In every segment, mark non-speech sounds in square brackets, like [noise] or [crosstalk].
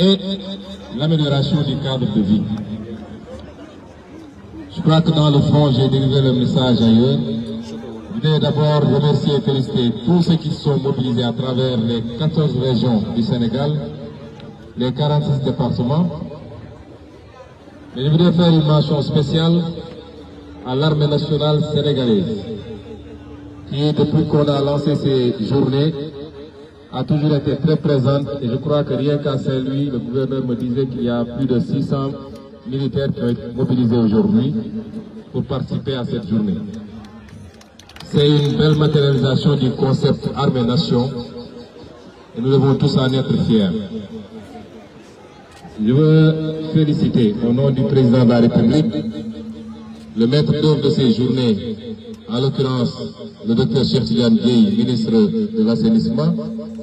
et l'amélioration du cadre de vie. Je crois que dans le fond, j'ai délivré le message ailleurs. Je voudrais d'abord remercier et féliciter tous ceux qui sont mobilisés à travers les 14 régions du Sénégal, les 46 départements. Mais je voudrais faire une mention spéciale à l'armée nationale sénégalaise, qui, depuis qu'on a lancé ces journées, a toujours été très présente et je crois que rien qu'à Saint-Louis, le gouverneur me disait qu'il y a plus de 600 militaires qui ont été mobilisés aujourd'hui pour participer à cette journée. C'est une belle matérialisation du concept armée-nation et nous devons tous en être fiers. Je veux féliciter au nom du président de la République le maître d'œuvre de ces journées, en l'occurrence le docteur Chertigan Gueye, ministre de l'assainissement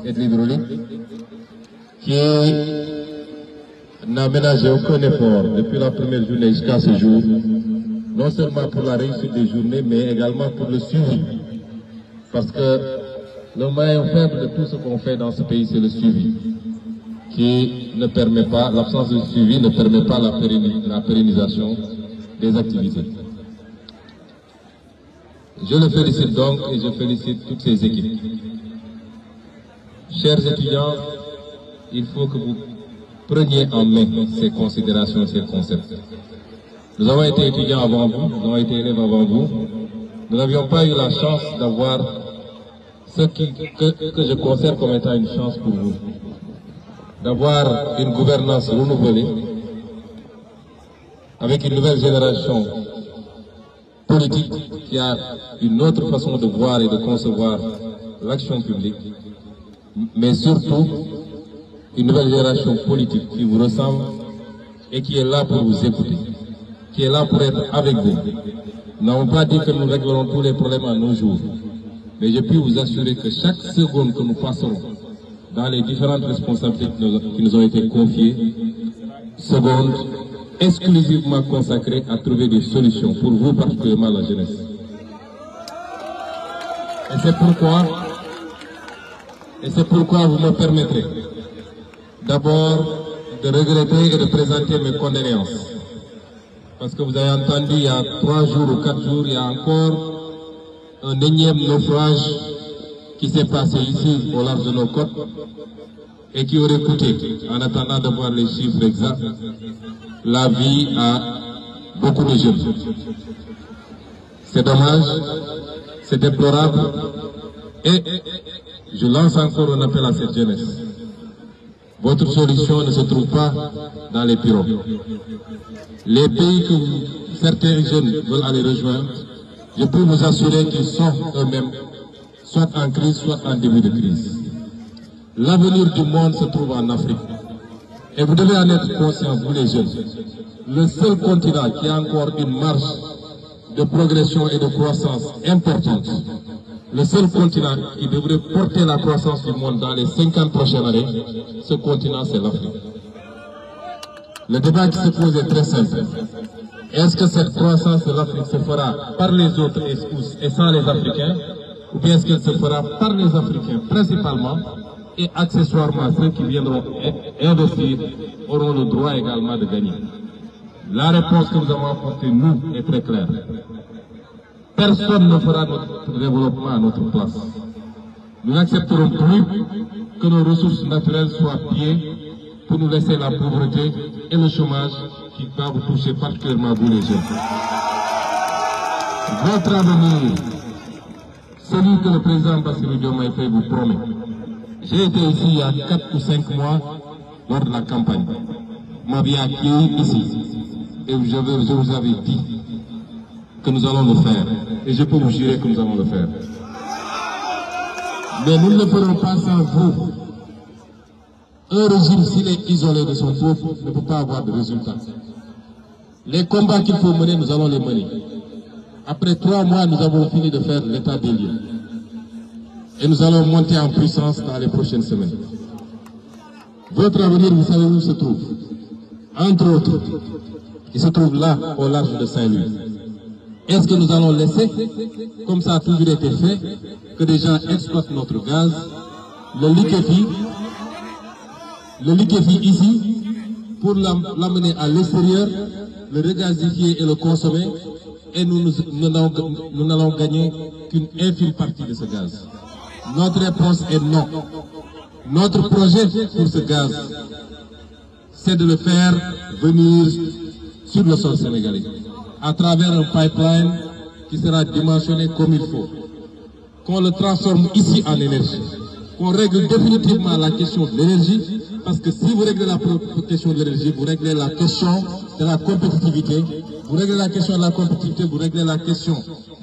et de l'hydraulique, qui n'a ménagé aucun effort depuis la première journée jusqu'à ce jour, non seulement pour la réussite des journées, mais également pour le suivi. Parce que le moyen faible de tout ce qu'on fait dans ce pays, c'est le suivi, qui ne permet pas, l'absence de suivi ne permet pas la, pérennisation des activités. Je le félicite donc et je félicite toutes ces équipes. Chers étudiants, il faut que vous preniez en main ces considérations, ces concepts. Nous avons été étudiants avant vous, nous avons été élèves avant vous. Nous n'avions pas eu la chance d'avoir ce que, que je considère comme étant une chance pour vous. D'avoir une gouvernance renouvelée avec une nouvelle génération politique qui a une autre façon de voir et de concevoir l'action publique, mais surtout une nouvelle génération politique qui vous ressemble et qui est là pour vous écouter, qui est là pour être avec vous. Nous n'avons pas dit que nous réglerons tous les problèmes à nos jours, mais je puis vous assurer que chaque seconde que nous passerons dans les différentes responsabilités qui nous ont été confiées, seconde exclusivement consacré à trouver des solutions pour vous, particulièrement la jeunesse. Et c'est pourquoi, et c'est pourquoi vous me permettrez d'abord de regretter et de présenter mes condoléances. Parce que vous avez entendu il y a trois jours ou quatre jours, il y a encore un énième naufrage qui s'est passé ici au large de nos côtes et qui aurait coûté, en attendant de voir les chiffres exacts, la vie à beaucoup de jeunes. C'est dommage, c'est déplorable et je lance encore un appel à cette jeunesse. Votre solution ne se trouve pas dans les pirogues. Les pays que certains jeunes veulent aller rejoindre, je peux vous assurer qu'ils sont eux-mêmes, soit en crise, soit en début de crise. L'avenir du monde se trouve en Afrique. Et vous devez en être conscient, vous les jeunes. Le seul continent qui a encore une marge de progression et de croissance importante, le seul continent qui devrait porter la croissance du monde dans les 50 prochaines années, ce continent, c'est l'Afrique. Le débat qui se pose est très simple. Est-ce que cette croissance de l'Afrique se fera par les autres et sans les Africains ou bien est-ce qu'elle se fera par les Africains principalement et accessoirement ceux qui viendront investir auront le droit également de gagner. La réponse que nous avons apportée, nous, est très claire. Personne ne fera notre développement à notre place. Nous n'accepterons plus que nos ressources naturelles soient pillées pour nous laisser la pauvreté et le chômage qui peuvent vous toucher particulièrement vous les jeunes. Votre avenir, celui que le président Bassirou fait vous promet. J'ai été ici il y a 4 ou 5 mois lors de la campagne m'avait accueilli ici et je, vous avais dit que nous allons le faire. Et je peux vous jurer que nous allons le faire. Mais nous ne le ferons pas sans vous. Un régime, s'il est isolé de son peuple, ne peut pas avoir de résultats. Les combats qu'il faut mener, nous allons les mener. Après trois mois, nous avons fini de faire l'état des lieux. Et nous allons monter en puissance dans les prochaines semaines. Votre avenir, vous savez où se trouve. Entre autres, il se trouve là, au large de Saint-Louis. Est-ce que nous allons laisser, comme ça a toujours été fait, que des gens exploitent notre gaz, le liquéfient, le liquéfient ici, pour l'amener à l'extérieur, le regazifier et le consommer, et nous n'allons gagner qu'une infime partie de ce gaz. Notre réponse est non. Notre projet pour ce gaz, c'est de le faire venir sur le sol sénégalais, à travers un pipeline qui sera dimensionné comme il faut. Qu'on le transforme ici en énergie qu'on règle définitivement la question de l'énergie, parce que si vous réglez la question de l'énergie, vous réglez la question de la compétitivité, vous réglez la question de la compétitivité, vous réglez la question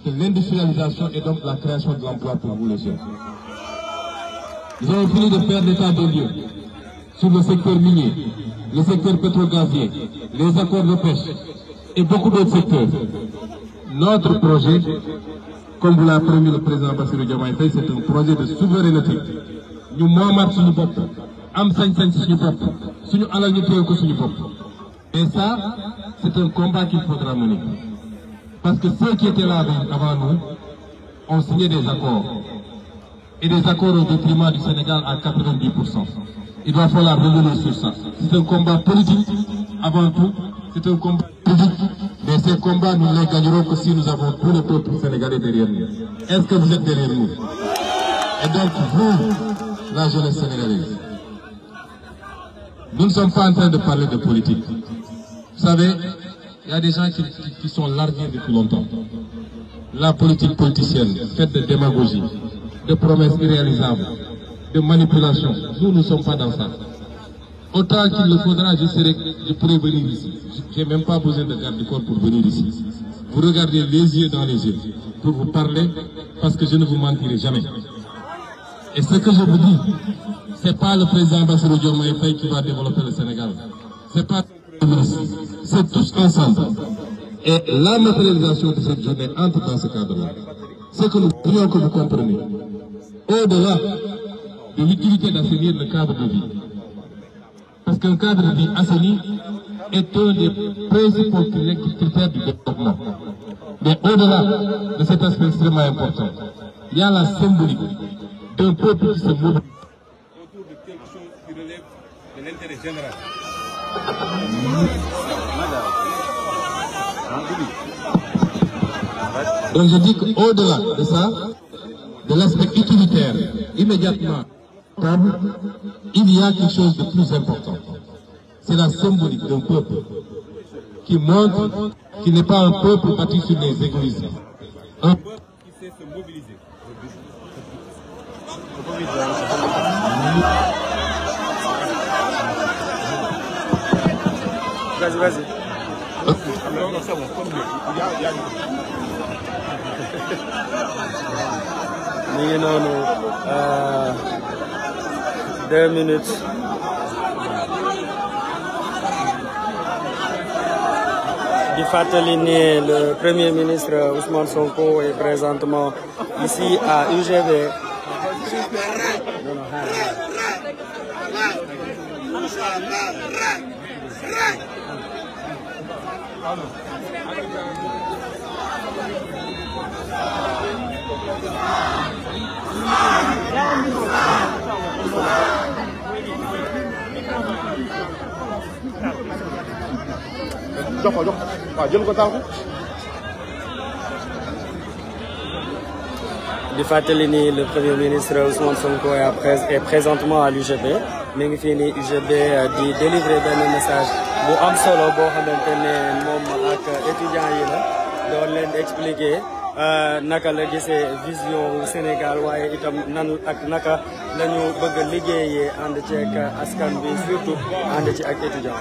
de l'industrialisation et donc la création de pour vous les jeunes. Nous avons fini de faire l'état de lieux sur le secteur minier, le secteur pétro-gazier, les accords de pêche et beaucoup d'autres secteurs. Notre projet comme vous l'a promis le président Bassirou Diomaye Faye c'est un projet de souveraineté Nous, moomaat suñu bopp am sañ nous suñu bopp suñu ñu et ça c'est un combat qu'il faudra mener parce que ceux qui étaient là avant nous ont signé des accords et des accords au détriment du Sénégal à 90 il va falloir revenir sur ça c'est un combat politique avant tout c'est un combat politique mais ces combats, nous les gagnerons que si nous avons tous les peuples sénégalais derrière nous. Est-ce que vous êtes derrière nous Et donc, vous, la jeunesse sénégalaise, nous ne sommes pas en train de parler de politique. Vous savez, il y a des gens qui, sont largués depuis longtemps. La politique politicienne, faite de démagogie, de promesses irréalisables, de manipulation, nous ne sommes pas dans ça. Autant qu'il le faudra, je, serai, je pourrai venir ici. Je n'ai même pas besoin de garde du corps pour venir ici. Vous regardez les yeux dans les yeux pour vous parler parce que je ne vous mentirai jamais. Et ce que je vous dis, ce n'est pas le président Bassirou Diomaye Faye qui va développer le Sénégal. C'est pas c'est tous ensemble. Et la matérialisation de cette journée entre dans ce cadre-là. Ce que nous voulons que vous compreniez, au-delà de l'utilité d'enseigner le cadre de vie, qu'un cadre de vie assaini est un des principaux critères du développement. Mais au-delà de cet aspect extrêmement important, il y a la symbolique d'un peuple qui se mobilise autour de quelque qui relève de l'intérêt général. Donc je dis qu'au-delà de ça, de l'aspect utilitaire, immédiatement, il y a quelque chose de plus important. C'est la symbolique d'un peuple qui montre qu'il n'est pas un peuple bâti sur des égoïsmes. Un peuple qui sait se mobiliser. Vas-y, vas-y. Non, non, non. Euh, minutes. du fatalini, le premier ministre Ousmane Sonko est présentement ici à UGV. jox ko jox jël ko taal di fàttali ni le premier ministre Ousmane Sonko est présentement à l'UGB Mais ngi fii nii UGB euh, di délivrer benn message bu am solo bo xamantene mom ak étudiants yi la doon leen expliquer euh, naka la gisee vision Sénégal waye itam nan ak naka lañu bëgg liggéeyé and ci ak askan bi surtout and ci ak étudiants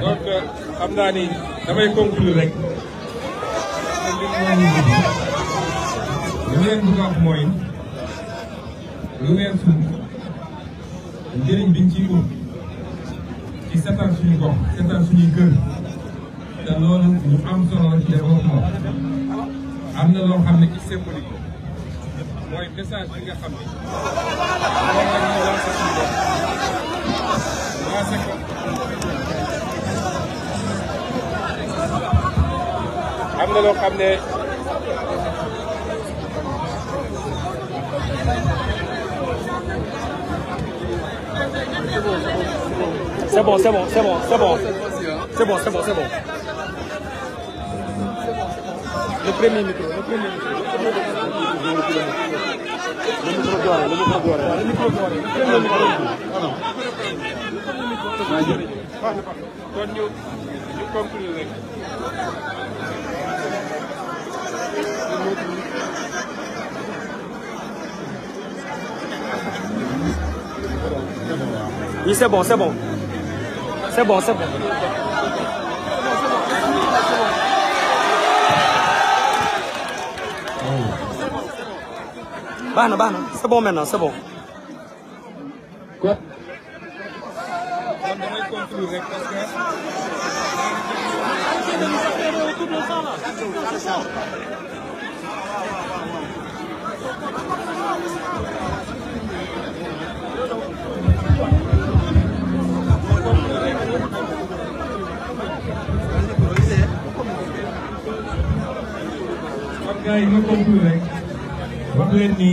donc euh, xam naa ni damay conclure rek. li leen bëgg a wax mooy lu weesu njëriñ biñ ciy ut ci setal suñu gox setal suñuy kër te loolu ñu am solo la ci développement am na loo xam ne ci symbolique mooy message bi nga xam ne moom la ñuy c'est bon c'est bon c'est bon c'est bon c'est bon c'est bon c'est bon le premier micro le premier micro. Oui, c'est bon, c'est bon. C'est bon, c'est bon. c'est bon. c'est bon maintenant, c'est bon. Quoi gars yi ma conclure rek wax leen ni.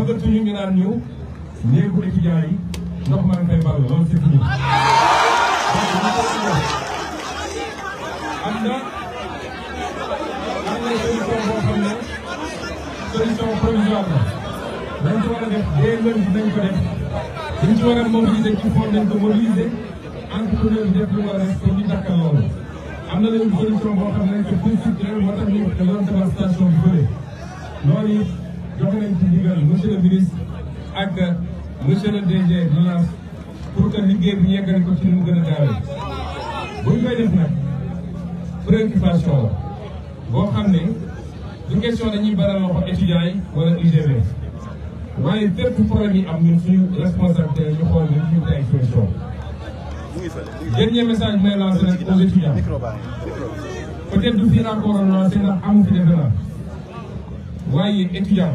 xam nga toujours ñu naan ñu néegu étudiants yi ndox maa ngi fay ball loolu c'est fini. am na am na solution boo xam ne solution provisoire la dañ ci war a def dès lundi dinañ ko def dañ ci war a mobiliser ci fond dañ ko mobiliser entrepreneur bi def lu war a def pour ñu dàkkal loolu. am na léegi solution boo xam ne que plus structurel moo tax ñu doon defar station bi bële loolu it. jox nañ ci ndigal monsieur le ministre ak monsieur le DG Relance pour que liggéey bi yeggali ko ci nu mu gën a gaawee. bu ñu koy def nag préoccupation la boo xam ne du question dañuy baral loxo étudiants yi wala UGB waaye bépp problème yi am ñun suñu responsabilité ñu xool ñun ñu ngi ay solution. dernier message bi may lancer rek aux étudiants peut-être fii laa ko waroon lancer ndax fi defe waaye étudiant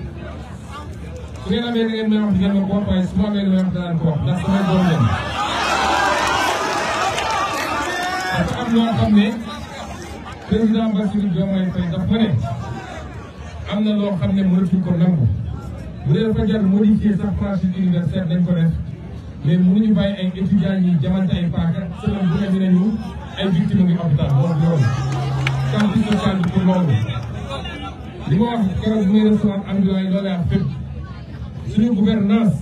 su ngeen amee li ngeen may wax di ma ko wax waaye su ma amee li may wax wax ndax samay doom ma ne am na loo xam ne mënatuñ ko nangu bu dee dafa jar modifier sax franchise universitaire dañ ko def mais mënuñu bàyyi ay étudiants yi jamante ay paaka semaine bu ne dinañu ay victimes ngi hôpital loolu loolu campus social bi pour loolu li ma wax keroog bu may recevoir am diwaan yi loolu lay wax une gouvernance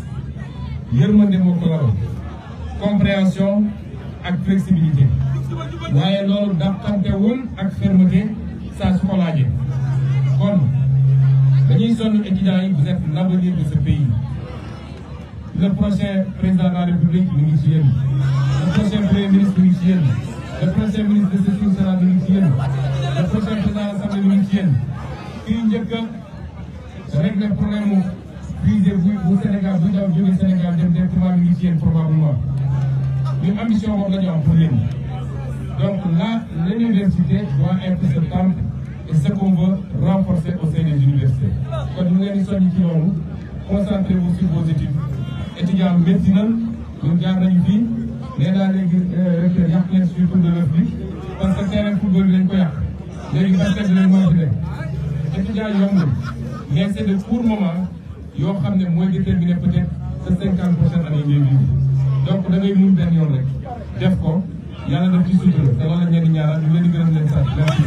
yërmande démocratique, compréhension et flexibilité là loolu dàqante wul ak fermeté ça se ko laajee kon dañuy yi vous êtes l'avenir de ce pays le prochain président de la république mu le prochain premier ministre mu le prochain ministre de ce sera mu le prochain président de l'Assemblée mu ngi ci yéen que, avec les problèmes puiser bu bu Sénégal bu daw jógee Sénégal dem directement mi ngi ci yéen probablement Une ambition on va dire, am pour réew donc là l'université doit être ce temple et ce qu'on veut renforcer au sein des universités Quand nous ngeen di soññ ci concentrez-vous sur vos études étudiants médecine ñun jaar nañu fii nee naa léegi euh, recteur yàq leen sur tour de l'œuf bi parce que c'est un football bi dañ ko yàq léegi basket bi lañ mën a fi nekk étudiants mais c'est de court moment yoo xam ne mooy déterminer peut-être sa cinquante pour cent année ngay vivre donc da ngay muñ benn yoon rek def ko yàlla def ci sutura te la ñu leen di ñaanal ñu leen di gërëm leen sant merci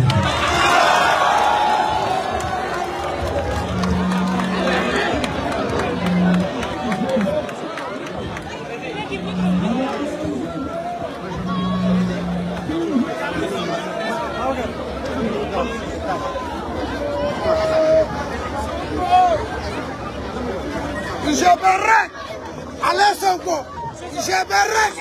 Ìṣègbè rẹ̀ alẹ́ sọ̀gbọ̀ ìṣègbè rẹ̀ rẹ̀.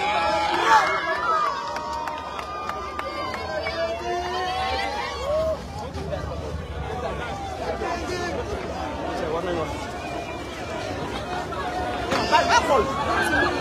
Bye, bye,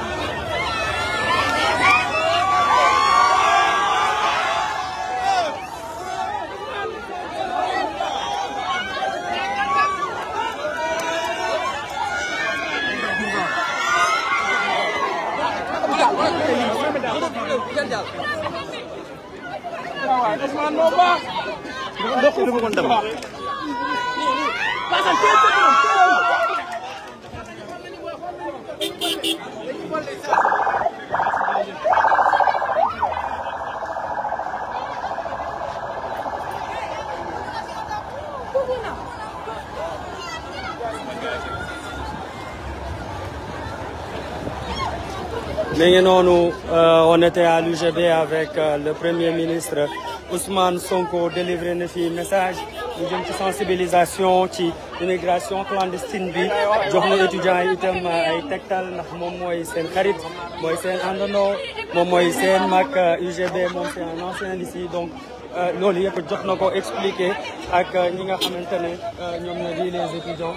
Mais non, nous, euh, on était à l'UGB avec euh, le Premier ministre Ousmane Sonko délivré un message de sensibilisation ci immigration clandestine bi jox étudiants qui itam ay tegtal ndax moom Moïse seen Moïse mooy seen àndandoo moom mooy UGB euh, c'est un ancien ici. donc nous euh, avons jox na expliqué ak euh, ñi nga xamante les étudiants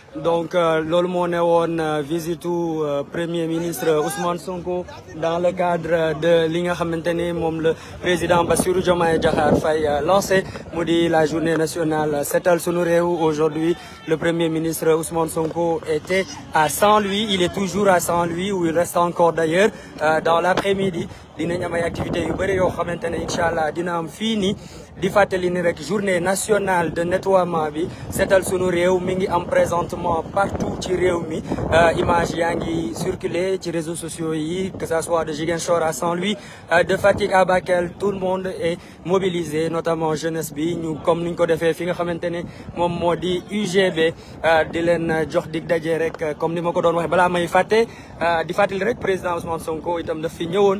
donc euh, l'Olmo Neon euh, visitou visite euh, premier ministre Ousmane Sonko dans le cadre de li nga le président Bassirou Diomaye Djahar Faye lancé la journée nationale setal sunu où aujourd'hui le premier ministre Ousmane Sonko était à Saint-Louis il est toujours à Saint-Louis où il reste encore d'ailleurs dans l'après-midi dinañ am ay activités yu bëri yoo xamante ne incha allah dina am fii nii di fàttali ni rek journée nationale de nettoiement bi seetal sunu réew mi ngi am présentement partout ci réew mi euh, image yaa ngi circulé ci réseaux sociaux yi que ça soit de Ziguinchor à Saint-Louis euh, de Fatick à Bakel tout le monde est mobilisé notamment jeunesse bi ñu comme niñ ko defee fi nga xamante ne moom moo di UGB euh, di leen jox dig daje rek comme ni ma ko doon waxee balaa may fàtte di fàttali rek président Ousmane Sonko itam daf fi ñëwoon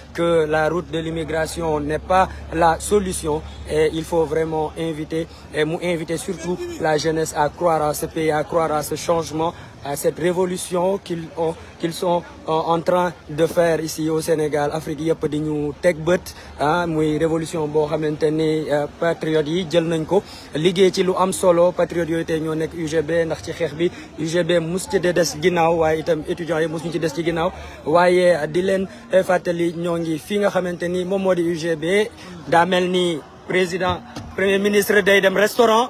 que la route de l'immigration n'est pas la solution et il faut vraiment inviter et inviter surtout la jeunesse à croire à ce pays, à croire à ce changement, à cette révolution qu'ils ont qu'ils sont euh, en train de faire ici au Sénégal Afrique ah révolution bo xamanteni euh, patriote yi jël am solo UGB ndax ci UGB mus ci de des waye itam étudiants yi mus ci ci UGB euh, da président premier ministre day dem restaurant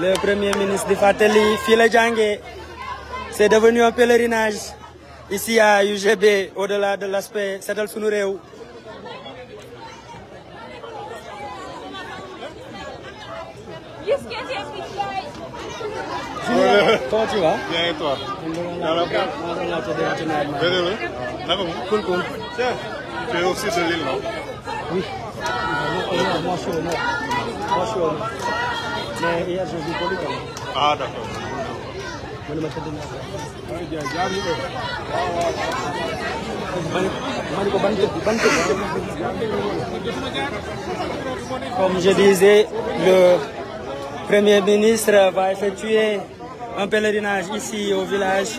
le premier ministre de Fateli, fii Djangé, c'est devenu un pèlerinage ici à UGB au-delà de l'aspect Sadal Sunureu. Comment tu vas? Bien et toi? Tu es aussi de l'île, non? Oui. Comme je disais, le Premier ministre va effectuer un pèlerinage ici au village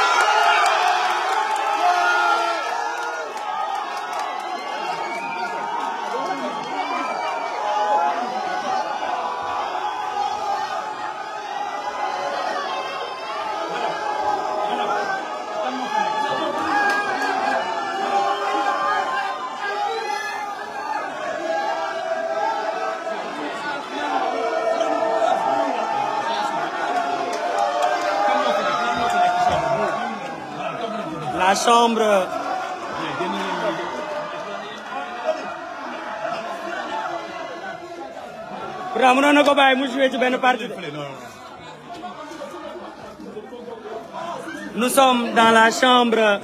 chambre ben nous sommes dans la chambre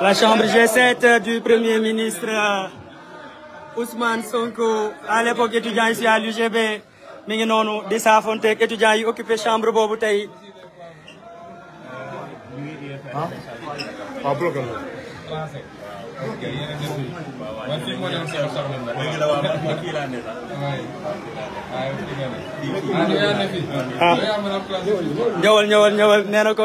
la chambre G7 du premier ministre Ousmane Sonko à l'époque étudiant ici à l'UGB mingi noonu di saafonteeg étudiants yi occupé chambre boobu tey. ah, ah. ñëwal ñëwal ñëwal nee na ko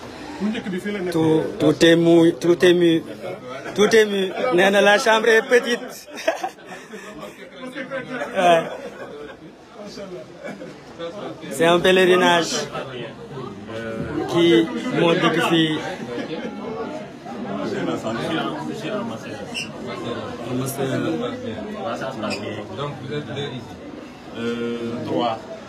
Tout, est mou, tout est mu, tout est mu. Nana, la chambre est petite. [laughs] C'est un pèlerinage qui monte depuis. Donc vous êtes deux ici. Euh, trois.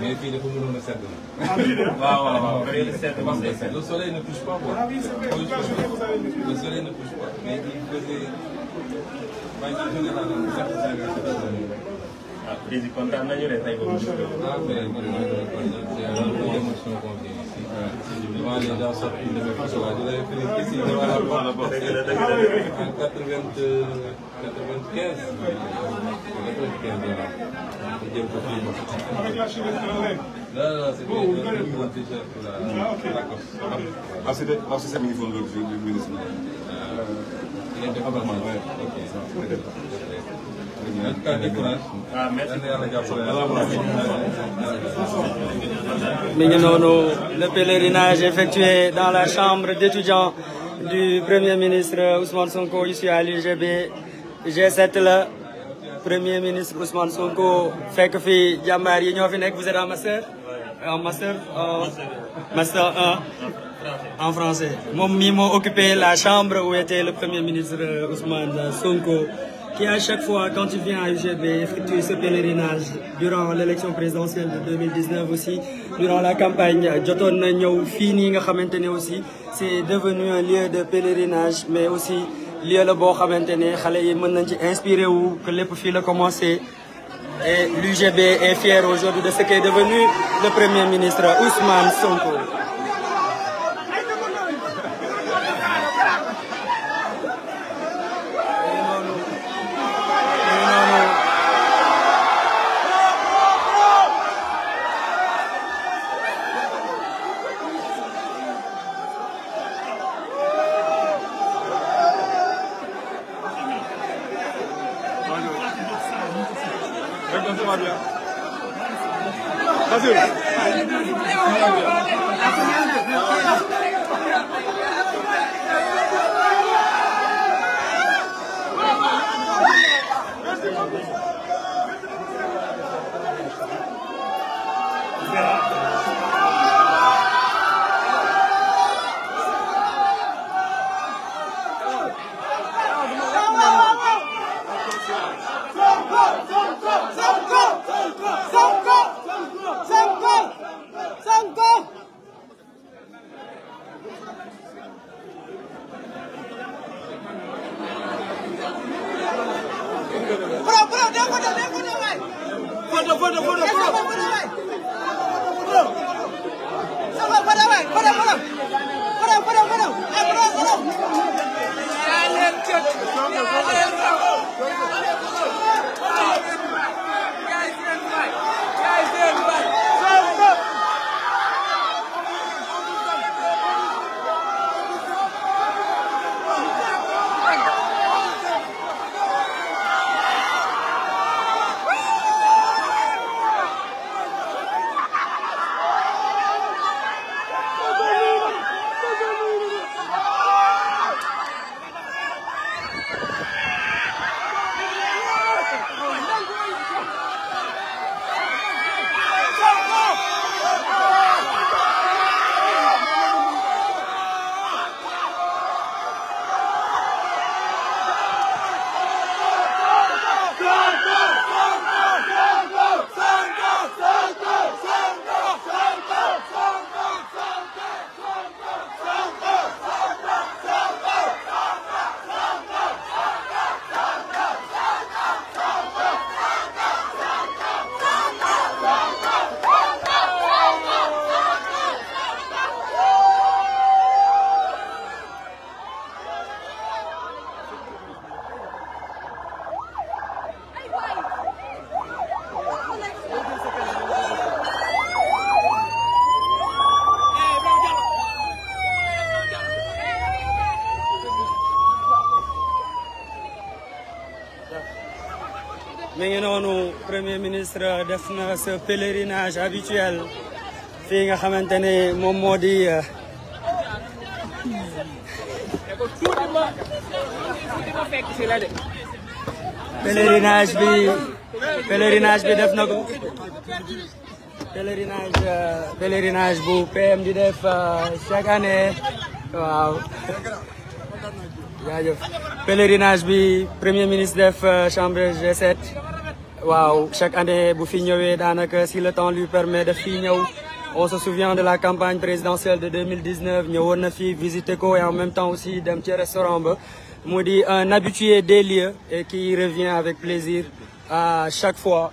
mais fii dafa mënoon a sedd na. waaw waaw waaw fii sedd parce que le soleil ne touche pas quoi. le soleil ne touche pas mais il faisait waaye en général sax ah président kontaan nañu de tey boobu. ah mais man maa ngi lay kontaan c'est une émotion conviviale devant les gens sortis de mes photos. Je l'avais pris ici devant la porte. En 95. 95 Là, c'était un t-shirt pour la Lacoste. Ah, c'est ça, ministre de l'autre, le ministre. Il était pas mal. Ok. le pèlerinage effectué dans la chambre d'étudiants du premier ministre Ousmane Sonko ici à l'UGB G7 là, premier ministre Ousmane Sonko fait, fi ya vous êtes en master. en master en master 1 en français Mon Mimo occupait la chambre où était le premier ministre Ousmane Sonko qui à chaque fois, quand il vient à l'UGB, effectue ce pèlerinage durant l'élection présidentielle de 2019 aussi, durant la campagne, aussi, c'est devenu un lieu de pèlerinage, mais aussi lieu le bon inspiré où que les profils ont commencé. Et l'UGB est fier aujourd'hui de ce qu'est devenu le Premier ministre Ousmane Sonko. Brasil! Thank you. ministre def na ce pèlerinage habituel fii nga xamante ne moom moo di euh, pèlerinage bi pèlerinage bi def na ko pèlerinage euh, pèlerinage bu PM di def euh, chaque année waaw jaajëf pèlerinage bi premier ministre def chambre G7 chaque année si le temps lui permet de finir, on se souvient de la campagne présidentielle de 2019 nous avons visité et en même temps aussi d'un petit restaurant ba me un habitué des lieux et qui revient avec plaisir à chaque fois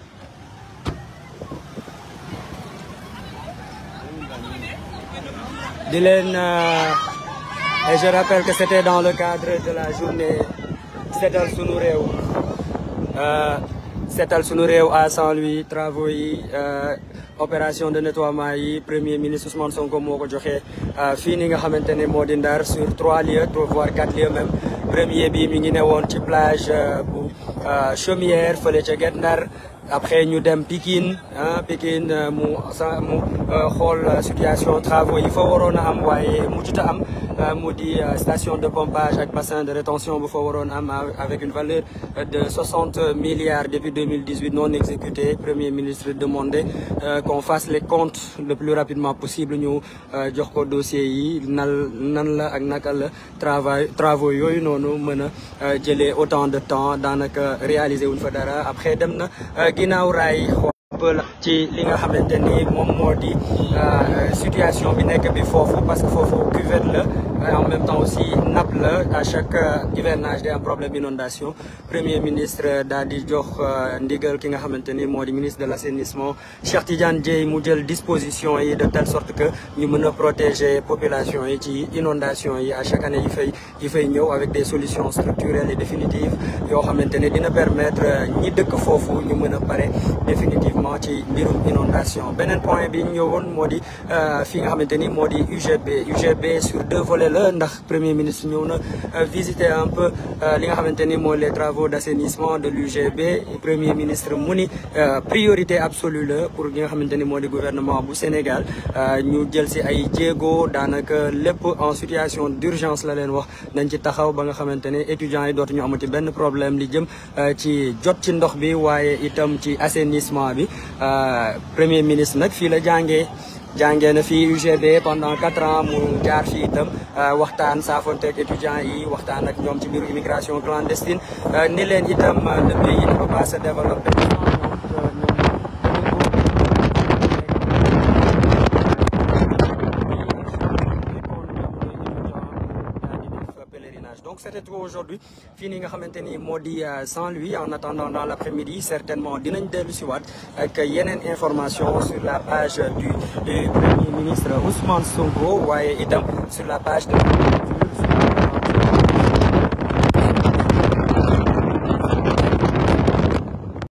Dylan, euh, je rappelle que c'était dans le cadre de la journée 7 c'est al réew à Saint-Louis travaux euh, opération de nettoyage premier ministre Ousmane Sonko moko ko joxe euh, fini ni nga xamantene Ndar sur trois lieux trois voire quatre lieux même premier bi mi ngi ci plage euh, bu Chaumière fële après nous dem Pékin, hein, Pékin euh, mu sa mu situation euh, euh, situation travaux il faut que nous Nous une station de pompage un bassin de rétention bu fa avec une valeur de 60 milliards depuis 2018 non exécuté premier ministre demandé qu'on fasse les comptes le plus rapidement possible nous jox ko dossier nous avons nan la travail nous avons autant de temps pour réaliser une fédération. après ginnaaw raay xool ci li nga xamante ni moom moo di euh, situation bi nekk bi foofu parce que foofu cuvette la et en même temps aussi Naples, à chaque euh, hivernage a un problème d'inondation. premier ministre Dadi euh, di jox qui est le ministre de l'assainissement, cher Cheikh Tidiane disposition et de telle sorte que nous pouvons protéger protéger population et ci inondation à chaque année il fay yi fay avec des solutions structurelles et définitives Il xamante ne dina permettre euh, ñi de foofu ñu mën a définitivement de l'inondation. inondation point bi ñëwoon a di UGB UGB sur deux volets le ndax premier ministre ñëw na euh, visiter un peu euh, li nga xamanteni mo les travaux d'assainissement de l'UGB premier ministre muni euh, priorité absolue la pour nga xamanteni ni di gouvernement bu Sénégal ñu jël ci ay djégo danaka lepp en situation d'urgence la leen wax dañ ci taxaw ba nga xamanteni étudiants yi dootuñu amati ben problème li jëm ci jot ci ndox bi waye itam ci assainissement bi premier ministre nak fi la jàngee jàngee na fii UGB pendant quatre ans mu jaar fii itam euh, waxtaan saafonteeg étudiants yi waxtaan ak ñoom ci mbiru immigration clandestine euh, ni leen itam euh, le pays ne peut pas se développer aujourd'hui fini à nga maudit sans lui. en attendant dans laprès midi certainement dinañ délu ci wat ak information sur la page du premier ministre Ousmane Sonko sur la page de.